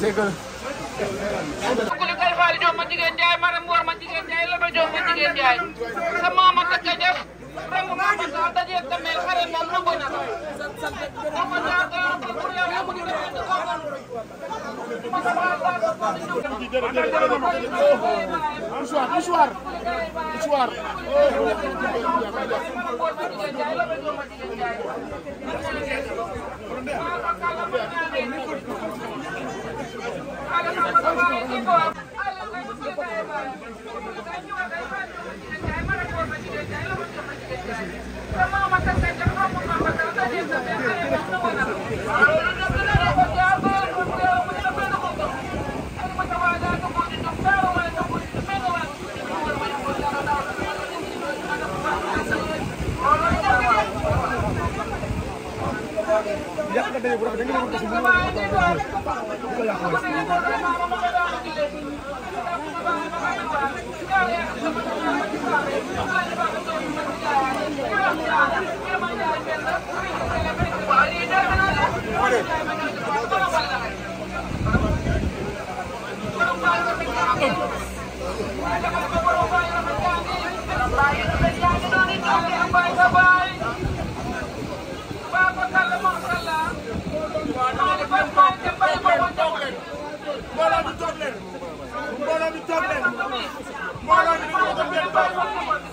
c'est que. ku li kay faali joom ma jigéen jaay maram war ma jigéen jaay la ba joom ma jigéen jaay sa maama takka def romb maama saa dajee dameel xare na nangu na dama ñaar dara ba pour yow yow mu ngi defee di ko man ma sa maa saa ko ko di ñëw bonsoir bonsoir bonsoir Jangan ada yang berapa, jangan ada yang berapa. Bola jàppee mbooloo mi dañu ko benn bopp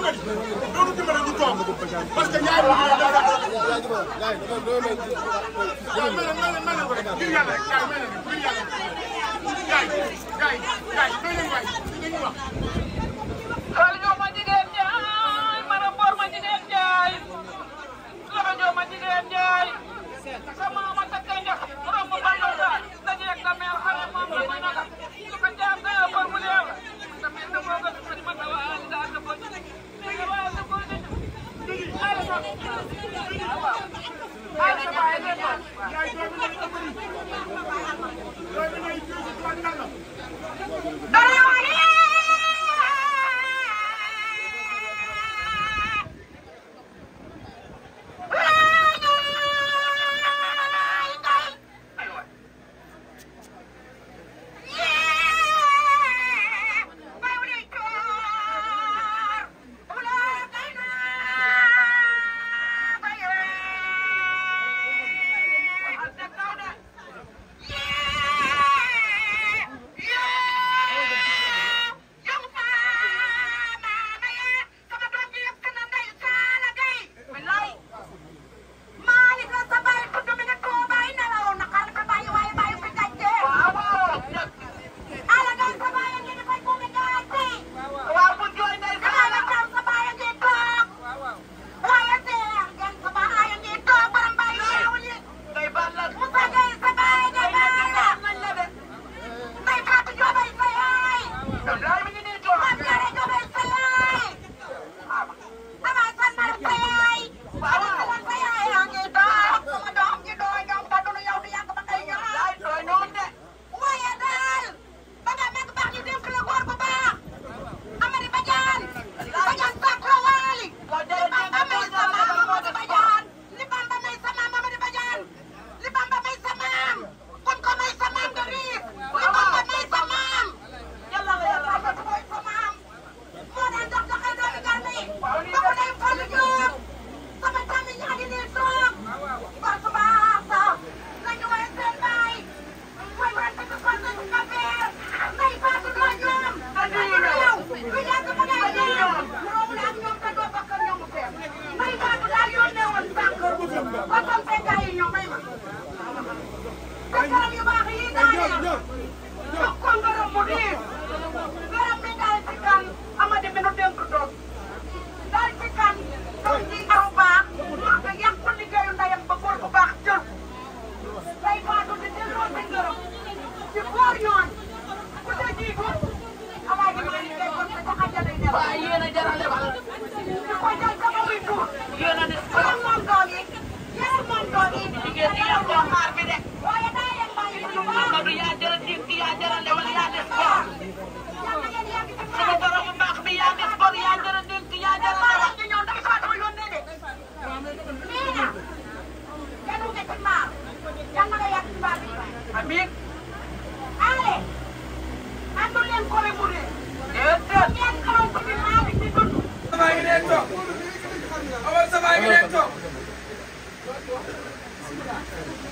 xam nga ni loolu dimbale ñu toog parce que ñaari wax yi daal daal mel na mel na ko rek ngir yàlla rek kaay mel na ngir yàlla kaay kaay kaay doy leen waay dañuy wax xal ñoo ma jigéen jaay maram boor ma jigéen jaay loxo ñoo ma jigéen jaay sama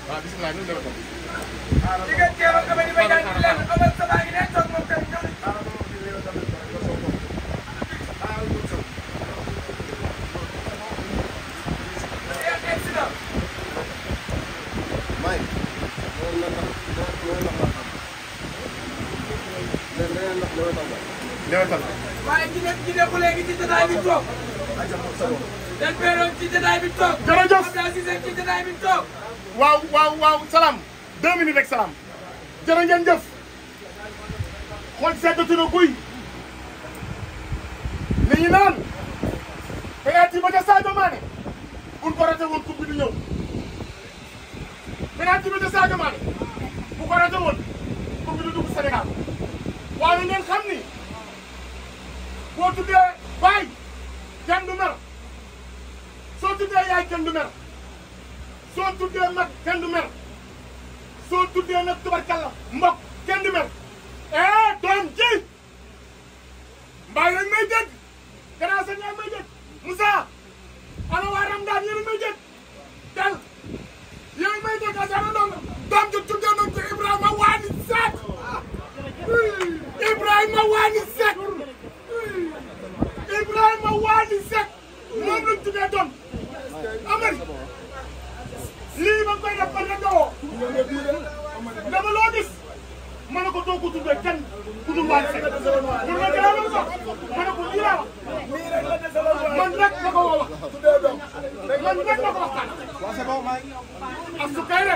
waaw bisimilah ñun dara ko. waaw jigéen ceeb ak damay damay daal di leen amal sa baa ngi ne toog moom tamit ñëw waaye ñu ne ñu ne ko léegi ci jotaay bi toog. den peeroon ci jotaay bi toog. jërëjëf ci jotaay bi toog. waaw waaw waaw salaam deux minutes rek salaam jërë ngeen jëf xool seddatu na guy li naan penalty ba ca Sadio Mané buñ ko woon coupe bi du ñëw penalty ba ca Sadio bu ko woon coupe bi du dugg Sénégal waaye ngeen xam ni boo tuddee baay kenn du mer soo tuddee yaay kenn mer soo tuddee mag kenn du mer soo tuddee nag tubarkalla mbokk kenn du mer eh doom ji mbaa yéen may dégg gannaaw sa ñaar may dégg Moussa ana waa Ramdaan yéen may dal yéen may dégg ak ana doom man ñëpp la ko waxtaan. waaw c'est bon maa ngi. Astou Kayre.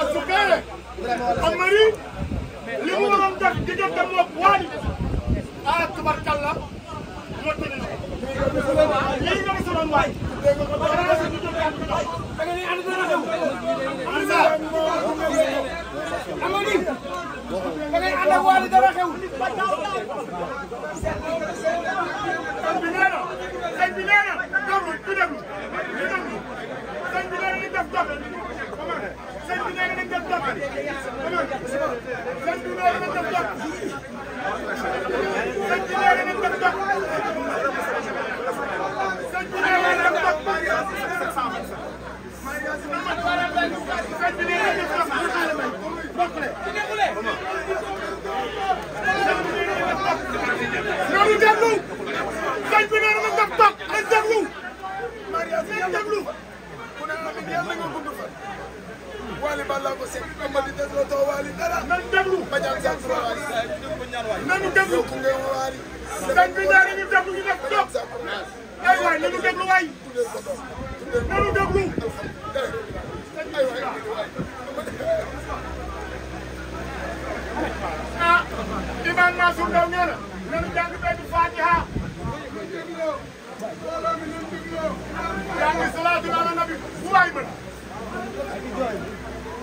Astou Kayre. am na ni li mu waroon def diggante moom waa ni ah tubarkalla moo tëddee ko. lii nga ma sonal waay. Thank you. Bokk waali balla ko seet amadi déglu too waali dara nañ déglu bajaan sa tura waali nañu déglu yow ku ngeen waali dañ bi ñaari ñu déglu ñu def dox ay waay nañu déglu waay nañu déglu ay waay ah iman Mansour Ndao nee na nañu jàng benn fatiha yaa ngi salaatul ala nabi fu waay mën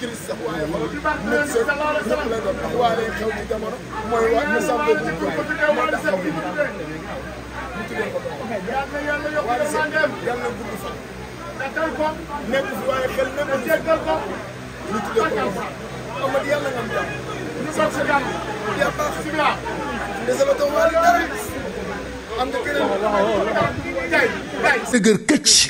kirist sax waaye xoolal nit sëg ñëpp la doon ndax waa lay xew ci jamono mooy waa ñu sàmbal ji ko moo tax xaw bi ñu tuddee ko doom waa sëg yàlla na gudd fan nekk fi waaye xel nekk fi ñu tuddee ko doom amat yàlla nga am jàmm ñu sax sa jàmm yaa baax desala doom waa dara am na keneen jaay jaay sa gër këcc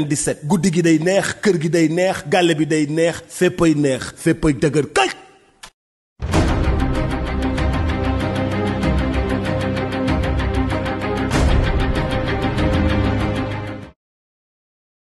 97 guddi gi day neex kër gi day neex gale bi day neex ay neex féppay dëgër kay